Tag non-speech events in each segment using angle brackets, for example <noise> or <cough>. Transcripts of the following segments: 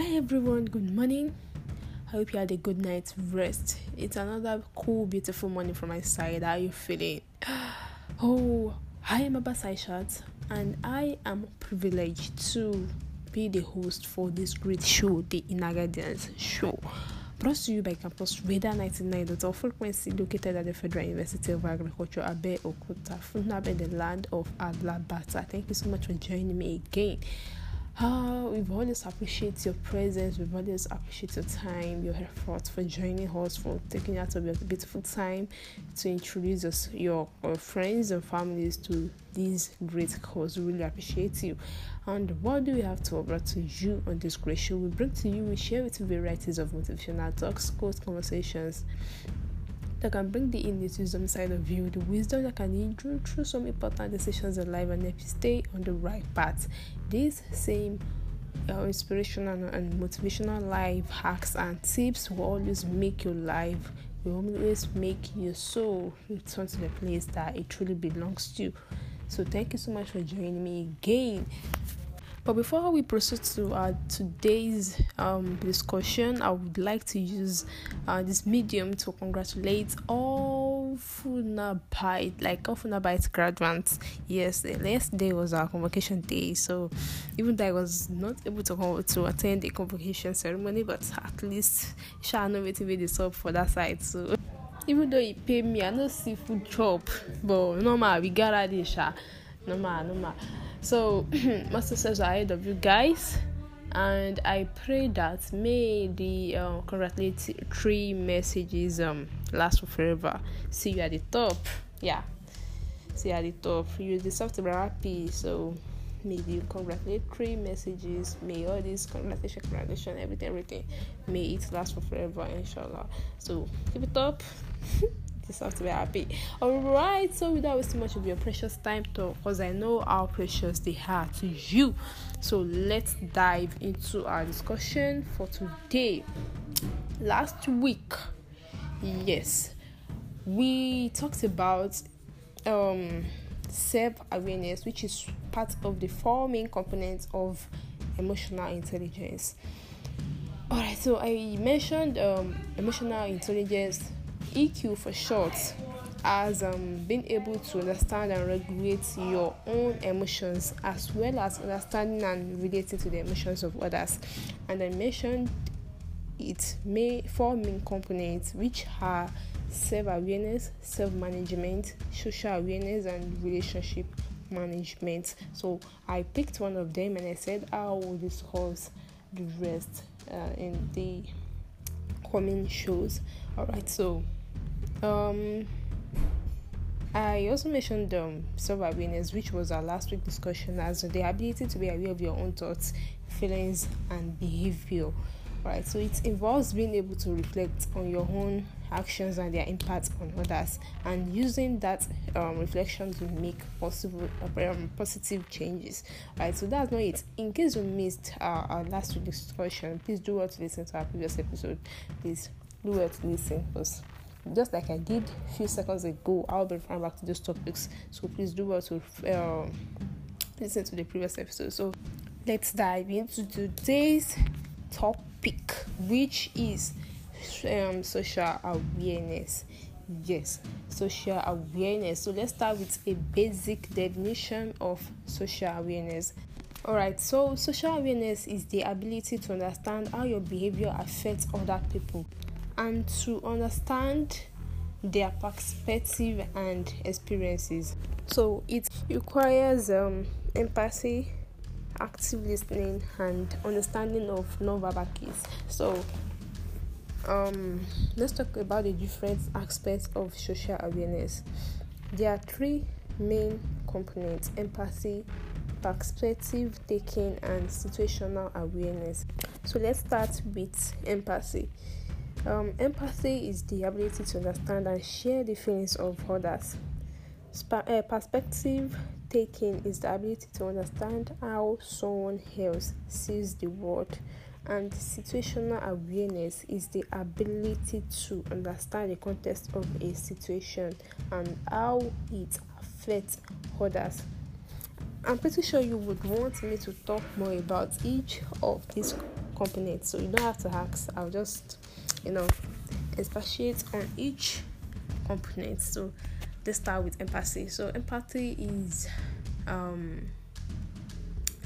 Hi everyone, good morning. Hope you had a good night's rest. It's another cool, beautiful morning from my side. How are you feeling? <sighs> Oh, I am Abba Saishat and I am privileged to be the host for this great show, the Inagadians Show. Brought to you by Campus Radar 99.0 frequency located at the Federal University of Agriculture, Abe Okuta, Funab, in the land of Adlabata. Thank you so much for joining me again. Oh, we've always appreciate your presence. We've always appreciate your time, your effort for joining us, for taking out of your beautiful time to introduce us, your uh, friends and families to this great cause. We really appreciate you. And what do we have to offer to you on this great show? We bring to you, we share with you varieties of motivational talks, quotes, conversations that can bring the inner wisdom side of you, the wisdom that can lead you through some important decisions in life and help you stay on the right path. These same uh, inspirational and motivational life hacks and tips will always make your life will always make your soul return to the place that it truly belongs to. So thank you so much for joining me again. But before we proceed to today's um, discussion, I would like to use uh, this medium to congratulate all Funabite, like all Funabite graduates. Yes, yesterday was our convocation day, so even though I was not able to to attend the convocation ceremony, but at least Sha know TV is up for that side. So even though he paid me, I know see food job, but no matter, we gather this matter, no matter. So, <clears throat> Master says, I love you guys, and I pray that may the uh, congratulatory messages um, last forever. See you at the top. Yeah, see you at the top. You deserve to be happy. So, may the congratulatory messages, may all these congratulations, everything, everything, may it last for forever, inshallah. So, keep it up. <laughs> deserve to be happy. Alright, so without wasting much of your precious time though, because I know how precious they are to you. So let's dive into our discussion for today. Last week, yes, we talked about um self-awareness, which is part of the four main components of emotional intelligence. Alright, so I mentioned um, emotional intelligence EQ for short as um, being able to understand and regulate your own emotions as well as understanding and relating to the emotions of others. And I mentioned it may four main components which are self-awareness, self-management, social awareness, and relationship management. So I picked one of them and I said I will discuss the rest uh, in the coming shows. All right, so. Um, I also mentioned um, self awareness, which was our last week discussion, as the ability to be aware of your own thoughts, feelings, and behavior. Right, so it involves being able to reflect on your own actions and their impact on others, and using that um, reflection to make possible um, positive changes. Right, so that's not it. In case you missed our, uh, our last week discussion, please do watch to listen to our previous episode. Please do watch to listen first just like I did a few seconds ago. I'll be referring back to those topics, so please do well to uh, listen to the previous episode. So let's dive into today's topic, which is um, social awareness. Yes, social awareness. So let's start with a basic definition of social awareness. Alright, so social awareness is the ability to understand how your behavior affects other people and to understand their perspective and experiences. So it requires um, empathy, active listening, and understanding of non-verbal cues. So um, let's talk about the different aspects of social awareness. There are three main components: empathy, perspective taking, and situational awareness. So let's start with empathy. Um, empathy is the ability to understand and share the feelings of others. Sp- uh, eh, perspective taking is the ability to understand how someone else sees the world and situational awareness is the ability to understand the context of a situation and how it affects others. I'm pretty sure you would want me to talk more about each of these components, so you don't have to ask. I'll just you know expatiate on each component so let's start with empathy so empathy is um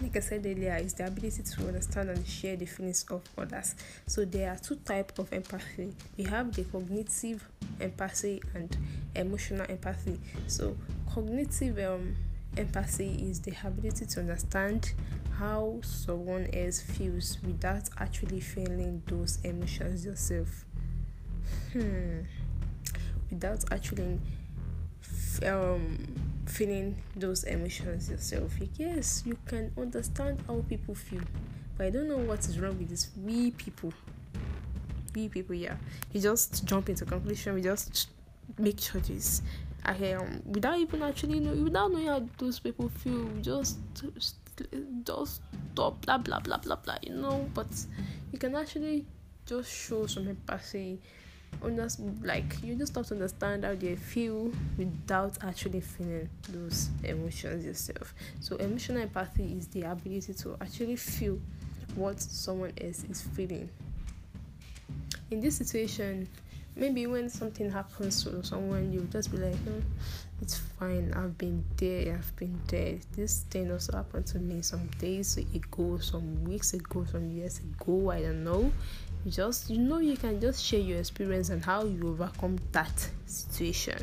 like I said earlier, is the ability to understand and share the feelings of others. So there are two types of empathy. We have the cognitive empathy and emotional empathy. So cognitive um empathy is the ability to understand how someone else feels without actually feeling those emotions yourself. Hmm. Without actually um, feeling those emotions yourself. Yes, you can understand how people feel, but I don't know what is wrong with this. We people, we people, yeah. You just jump into conclusion. We just make choices um, without even actually know, without knowing how those people feel, just just stop blah blah blah blah blah. You know, but you can actually just show some empathy. Just like you just have to understand how they feel without actually feeling those emotions yourself. So emotional empathy is the ability to actually feel what someone else is feeling. In this situation, maybe when something happens to someone, you'll just be like, oh, it's fine. I've been there. I've been there. This thing also happened to me some days ago, some weeks ago, some years ago. I don't know. just you know you can just share your experience and how you overcome that situation.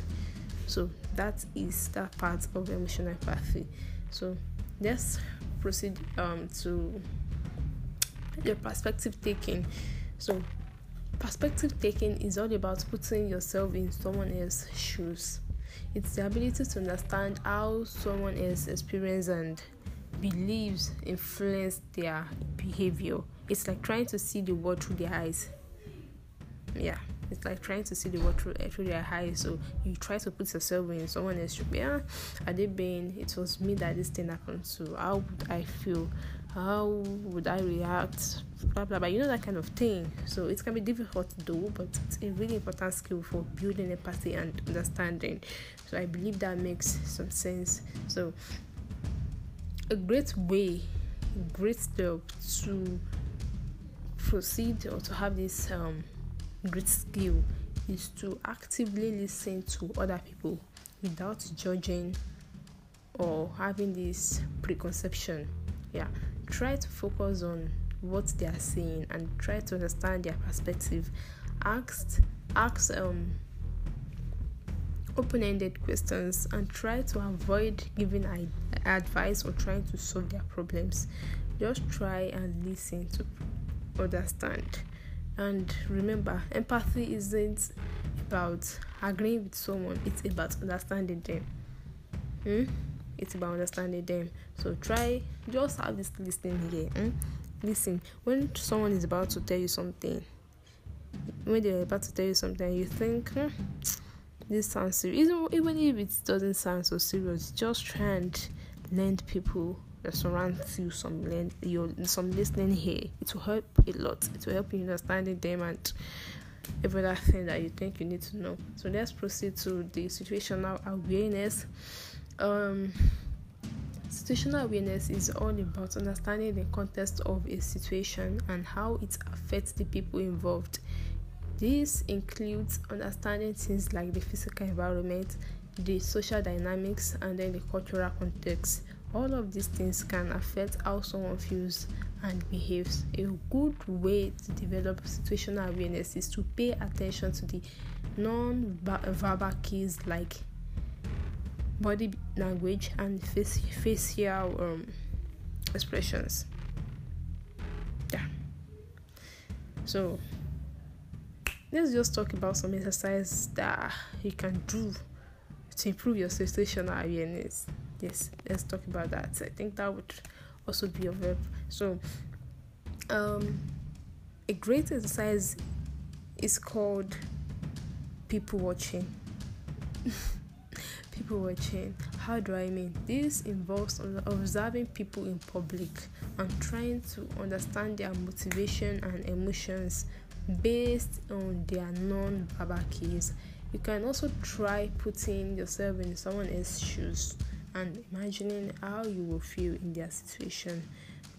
So that is that part of emotional empathy. So let's proceed um, to the perspective taking. So Perspective taking is all about putting yourself in someone else's shoes. It's the ability to understand how someone else experiences and beliefs influence their behavior. It's like trying to see the world through their eyes. Yeah, it's like trying to see the world through, eh, through their eyes. So you try to put yourself in someone shoes. Yeah, are they being? It was me that this thing happened to. How would I feel? how would I react, blah blah blah, you know that kind of thing. So it can be difficult to do, but it's a really important skill for building empathy and understanding. So I believe that makes some sense. So a great way, a great step to proceed or to have this um, great skill is to actively listen to other people without judging or having this preconception yeah try to focus on what they are saying and try to understand their perspective. Ask, ask um, open-ended questions and try to avoid giving advice or trying to solve their problems. Just try and listen to understand. And remember, empathy isn't about agreeing with someone; it's about understanding them. Hmm? it's about understanding them so try just have this listening here hmm? listen when someone is about to tell you something when they're about to tell you something you think hmm, this sounds serious even, if it doesn't sound so serious just try and lend people that surround you some lend, your some listening here it will help a lot it will help you understanding them and every other thing that you think you need to know so let's proceed to the situational awareness um, situational awareness is all about understanding the context of a situation and how it affects the people involved. This includes understanding things like the physical environment, the social dynamics, and then the cultural context. All of these things can affect how someone feels and behaves. A good way to develop situational awareness is to pay attention to the non verbal cues like body language and facial um, expressions yeah so let's just talk about some exercise that you can do to improve your situational awareness yes let's talk about that i think that would also be of help so um, a great exercise is called people watching <laughs> people watching. How do I mean? This involves observing people in public and trying to understand their motivation and emotions based on their non verbal cues. You can also try putting yourself in someone else's shoes and imagining how you will feel in their situation.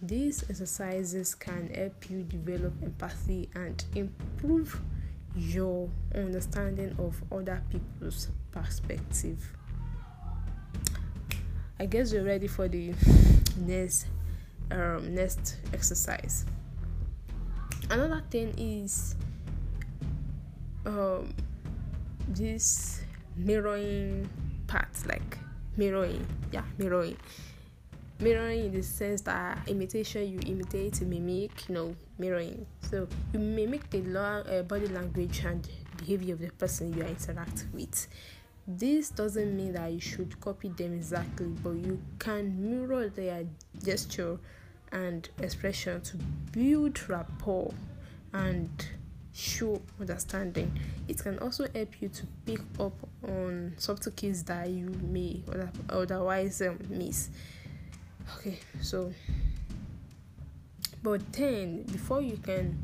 These exercises can help you develop empathy and improve your understanding of other people's perspective. I guess you're ready for the next um, next exercise. Another thing is um, this mirroring part, like mirroring, yeah, mirroring. Mirroring in the sense that imitation, you imitate, mimic, you know, mirroring. So you mimic the long, uh, body language and behavior of the person you are interacting with. This doesn't mean that you should copy them exactly, but you can mirror their gesture and expression to build rapport and show understanding. It can also help you to pick up on subtle cues that you may otherwise um, miss. Okay, so, but then before you can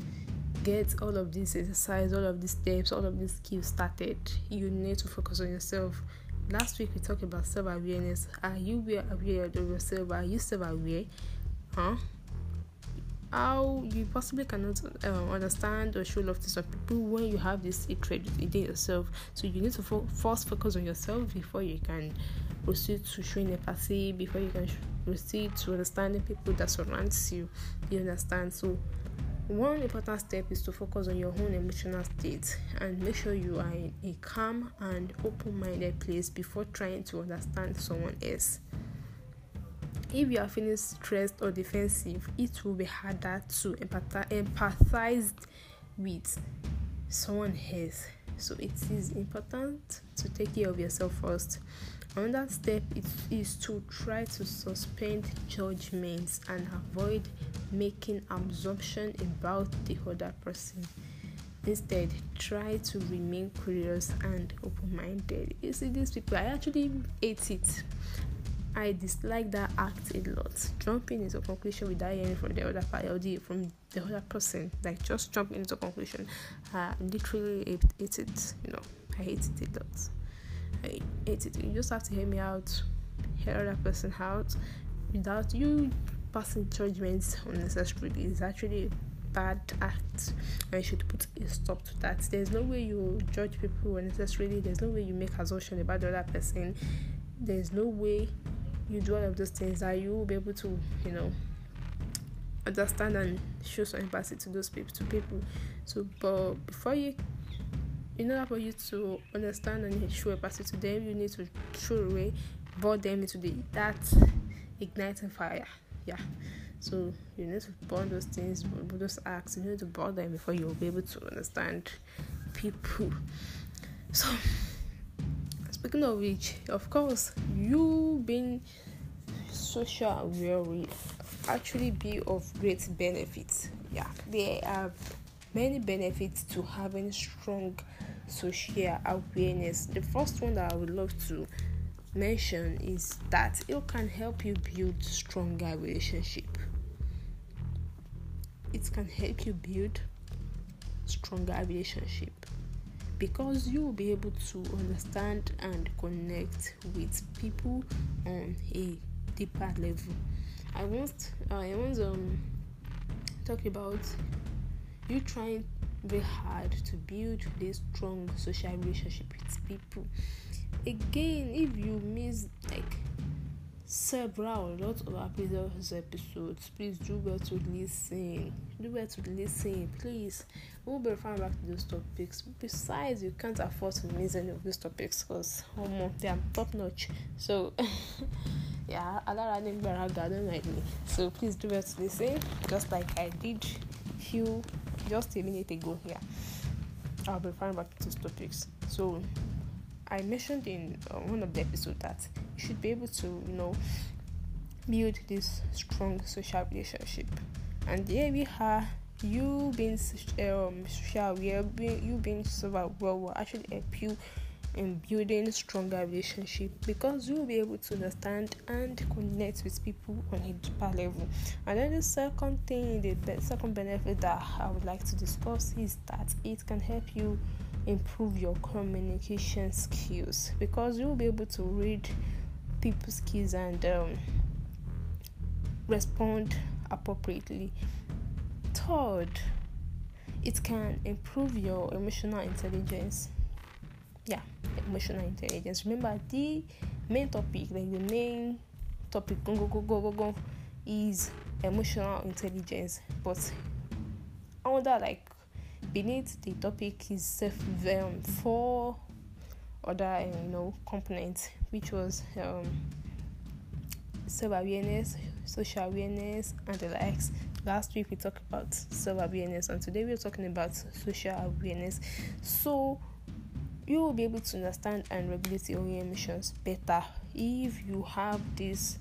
get all of this exercise, all of these steps, all of these skills started, you need to focus on yourself. Last week we talked about self awareness. Are you aware of yourself? Are you self aware? Huh? How you possibly cannot uh, understand or show love to some people when you have this hatred within yourself. So you need to fo- first focus on yourself before you can proceed to showing empathy, before you can sh- proceed to understanding people that surrounds you. You understand? So one important step is to focus on your own emotional state and make sure you are in a calm and open minded place before trying to understand someone else. If you are feeling stressed or defensive, it will be harder to empathize with someone else. So, it is important to take care of yourself first. Another step is, is to try to suspend judgments and avoid making assumptions about the other person. Instead, try to remain curious and open minded. You see, these people, I actually hate it. I dislike that act a lot. Jumping into conclusion without hearing from the other party, from the other person, like just jumping into conclusion. I literally hate, hate it. You know, I hate it a lot. I it. You just have to hear me out, hear other person out without you passing judgments unnecessarily. It's actually a bad act and you should put a stop to that. There's no way you judge people unnecessarily, there's no way you make assumption about the other person, there's no way you do all of those things that you will be able to, you know, understand and show some empathy to those people to people. So but before you in order for you to understand and show empathy to them, you need to throw away, burn them into the that igniting fire. Yeah. So you need to burn those things, those acts. You need to burn them before you'll be able to understand people. So speaking of which, of course, you being social aware will actually be of great benefit. Yeah, there are many benefits to having strong social awareness. The first one that I would love to mention is that it can help you build stronger relationship. It can help you build stronger relationship because you will be able to understand and connect with people on a deeper level. I once I once um talk about you trying very hard to build this strong social relationship with people again if you miss like several lots of our previous episodes please do well to listen do well to listen please we'll be referring back to those topics besides you can't afford to miss any of these topics because um, they are top notch so <laughs> yeah them are garden like me so please do well to listen just like i did you just a minute ago yeah i'll be referring back to topics so i mentioned in uh, one of the episodes that you should be able to you know build this strong social relationship and there we are you being um, social aware you being sober well will actually help you in building stronger relationship because you will be able to understand and connect with people on a deeper level. And then the second thing, the second benefit that I would like to discuss is that it can help you improve your communication skills because you will be able to read people's skills and um, respond appropriately. Third, it can improve your emotional intelligence yeah emotional intelligence remember the main topic like the main topic go go go go go go is emotional intelligence but under like beneath the topic is self um, four other um, you know components which was um, self-awareness social awareness and the likes last week we talked about self-awareness and today we're talking about social awareness so you will be able to understand and regulate your own emotions better if you have this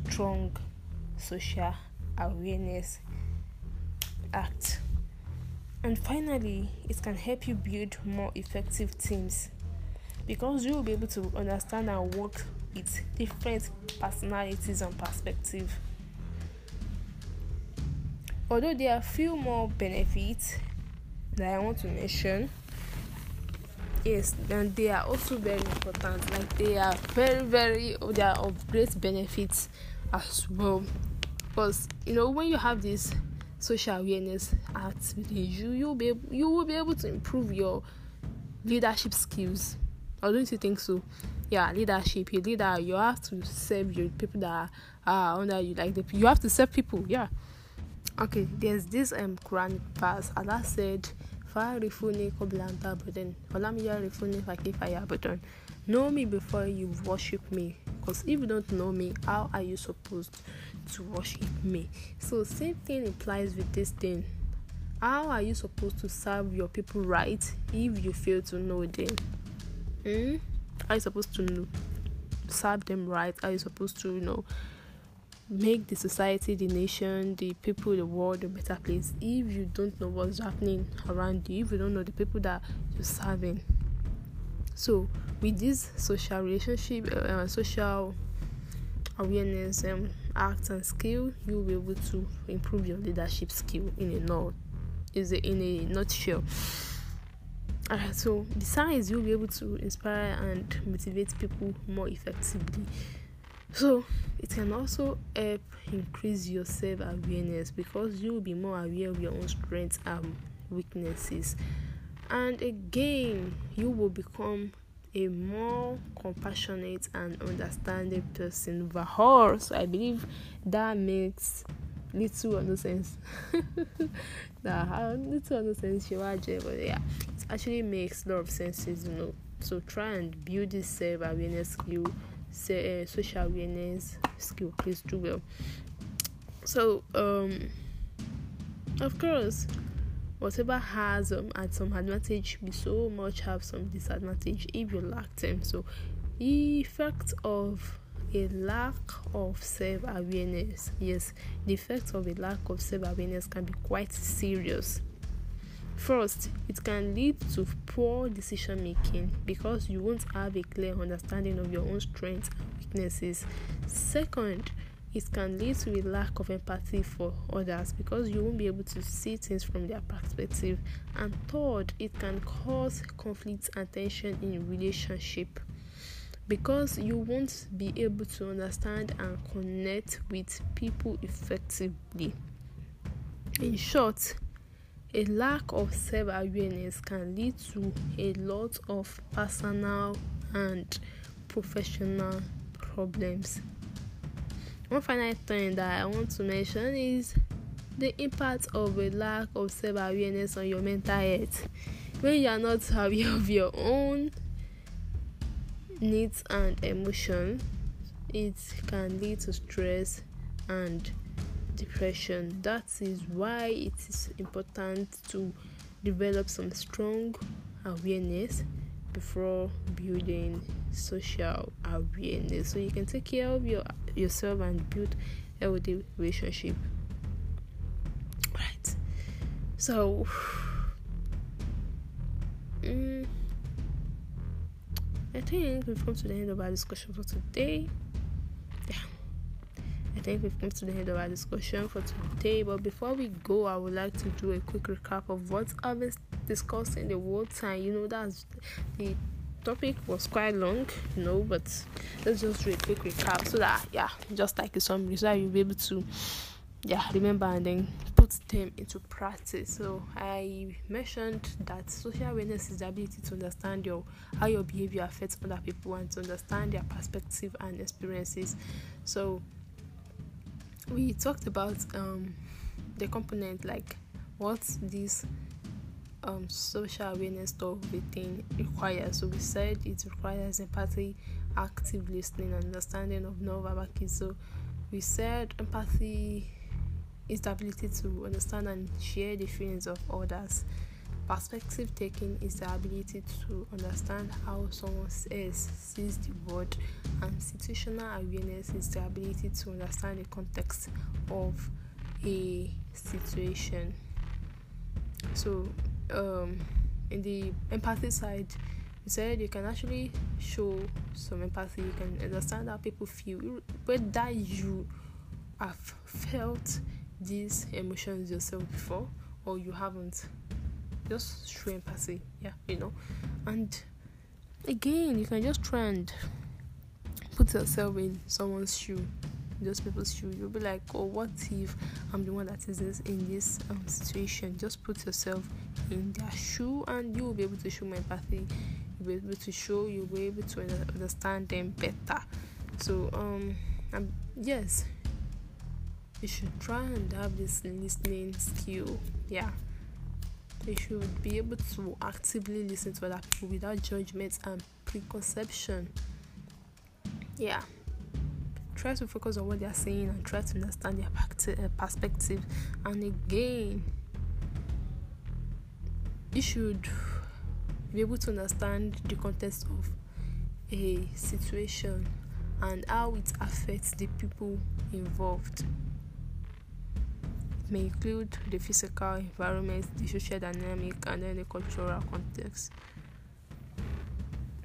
strong social awareness act. And finally, it can help you build more effective teams because you will be able to understand and work with different personalities and perspectives. Although there are few more benefits that I want to mention, is then they are also very important like they are very very they are of great benefits as well because you know when you have this social awareness at you you'll be able, you will be able to improve your leadership skills or oh, don't you think so yeah leadership you leader you have to serve your people that are uh, under you like the, you have to serve people yeah okay there's this um Quran verse Allah said فاعرفوني قبل أن تعبدون ولم يعرفوني فكيف Know me before you worship me because if you don't know me how are you supposed to worship me so same thing applies with this thing how are you supposed to serve your people right if you fail to know them hmm? are you supposed to serve them right are you supposed to you know make the society, the nation, the people, the world a better place. If you don't know what's happening around you, if you don't know the people that you're serving. So, with this social relationship, uh, uh social awareness um, act and skill, you'll be able to improve your leadership skill in a nut, is in a nutshell. Alright, so besides, you'll be able to inspire and motivate people more effectively. So it can also help increase your self awareness because you will be more aware of your own strengths and weaknesses. And again, you will become a more compassionate and understanding person overall. So I believe that makes little or no sense. nah, <laughs> little or no sense, you are but yeah, it actually makes a lot of sense, you know. So try and build this self awareness skill say, uh, social awareness skill is do well so um of course whatever has um, at some advantage we so much have some disadvantage if you lack them so effect of a lack of self awareness yes the effect of a lack of self awareness can be quite serious First, it can lead to poor decision making because you won't have a clear understanding of your own strengths and weaknesses. Second, it can lead to a lack of empathy for others because you won't be able to see things from their perspective. And third, it can cause conflict and tension in relationship because you won't be able to understand and connect with people effectively. In short, a lack of self awareness can lead to a lot of personal and professional problems. One final thing that I want to mention is the impact of a lack of self awareness on your mental health. When you are not aware of your own needs and emotions, it can lead to stress and depression. That is why it is important to develop some strong awareness before building social awareness so you can take care of your yourself and build healthy relationship right so um, i think we've come to the end of our discussion for today yeah I think we've come to the end of our discussion for today. But before we go, I would like to do a quick recap of what I've discussing the whole time. You know, that's the topic was quite long, you know, but let's just do a quick recap so that yeah, just like a summary, so that you'll be able to yeah remember and then put them into practice. So I mentioned that social awareness is the ability to understand your how your behavior affects other people and to understand their perspective and experiences. So we talked about um, the component like what this um, social awareness talk within requires. So we said it requires empathy, active listening, understanding of non-verbal cues. So we said empathy is the ability to understand and share the feelings of others. Perspective taking is the ability to understand how someone says sees the world, and situational awareness is the ability to understand the context of a situation. So, um, in the empathy side, we said you can actually show some empathy, you can understand how people feel, whether you have felt these emotions yourself before or you haven't just show empathy yeah you know and again you can just try and put yourself in someone's shoe those people's shoe you'll be like oh what if i'm the one that is this in this um, situation just put yourself in their shoe and you will be able to show my empathy you'll be able to show you'll be able to understand them better so um yes you should try and have this listening skill yeah they should be able to actively listen to other people without judgment and preconception. Yeah. Try to focus on what they are saying and try to understand their uh, perspective. And again, you should be able to understand the context of a situation and how it affects the people involved may include the physical environment, the social dynamic, and then the cultural context.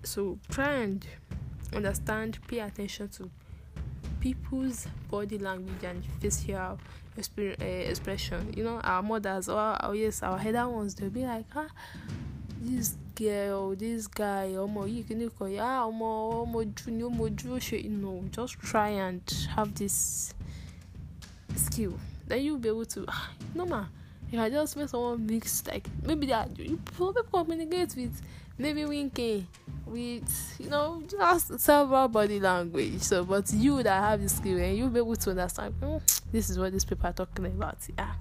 So try and understand, pay attention to people's body language and facial uh, expression. You know, our mothers or oh, yes, our header ones, they'll be like, ah, this girl, this guy, ọmọ yìí kìíní kan yìí, ah, oh my, ojú ni ọmọ ojú ó you know, just try and have this skill then you'll be able to ah, no ma. if I just make someone mixed like maybe that you probably communicate with maybe winking with you know just several body language so but you that have the skill and you'll be able to understand mm, this is what these people are talking about yeah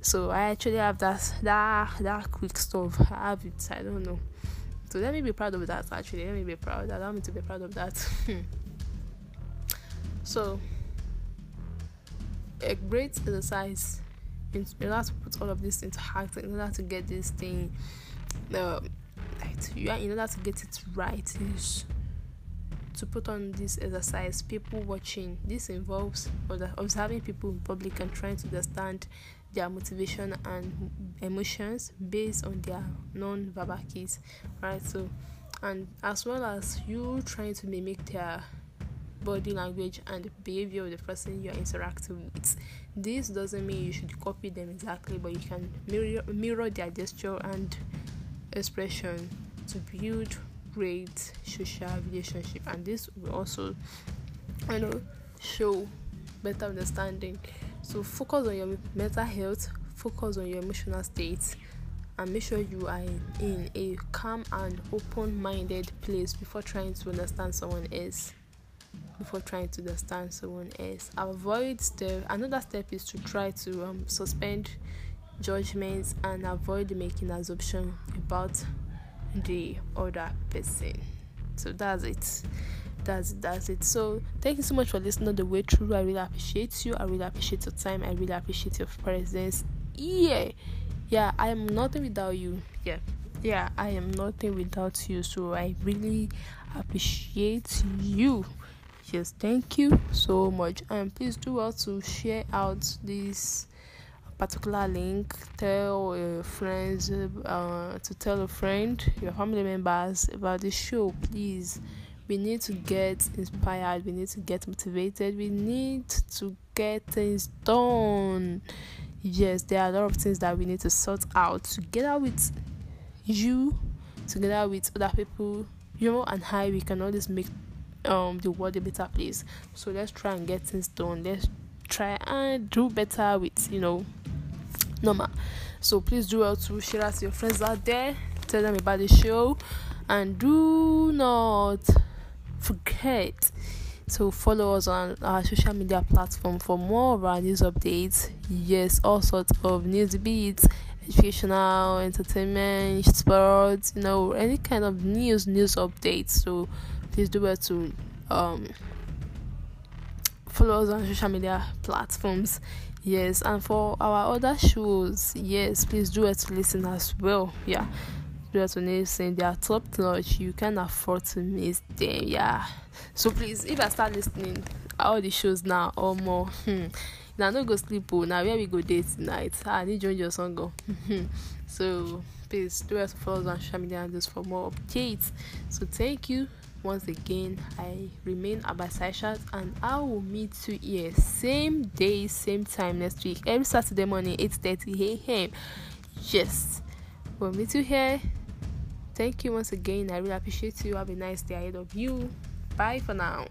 so I actually have that that that quick stuff I have it I don't know so let me be proud of that actually let me be proud allow me to be proud of that <laughs> so a great exercise in order to put all of this into action in order to get this thing uh, right you are in order to get it right is to put on this exercise people watching this involves observing people in public and trying to understand their motivation and emotions based on their non-verbal keys right so and as well as you trying to mimic their body language and the behavior of the person you're interacting with. This doesn't mean you should copy them exactly, but you can mirror, mirror their gesture and expression to build great social relationship, and this will also, you know, show better understanding. So focus on your mental health, focus on your emotional state, and make sure you are in a calm and open-minded place before trying to understand someone else before trying to understand someone else. Avoid step. Another step is to try to um, suspend judgments and avoid making assumption about the other person. So that's it. That's it, that's it. So thank you so much for listening the way through. I really appreciate you. I really appreciate your time. I really appreciate your presence. Yeah, yeah. I am nothing without you. Yeah yeah i am nothing without you so i really appreciate you yes thank you so much and please do well to share out this particular link tell your friends uh, to tell a friend your family members about the show please we need to get inspired we need to get motivated we need to get things done yes there are a lot of things that we need to sort out together with you together with other people you know and i we can always make um the world a better place so let's try and get things done let's try and do better with you know normal so please do well to share us your friends out there tell them about the show and do not forget to follow us on our social media platform for more of our news updates yes all sorts of news beats educational entertainment sports you know any kind of news news updates so please do well to um, follow us on social media platforms. Yes, and for our other shows, yes, please do well to listen as well. Yeah, do well to listen. They are top notch. You can afford to miss them. Yeah, so please, if I start listening all the shows now or more, hmm, now no go sleep. Oh, now where we go date tonight? Ah, I need join your song. <laughs> so please do us to follow us on social media and just for more updates. So thank you once again i remain abasaishat and i will meet you here same day same time next week every saturday morning 8.30 a.m yes we'll meet you here thank you once again i really appreciate you have a nice day ahead of you bye for now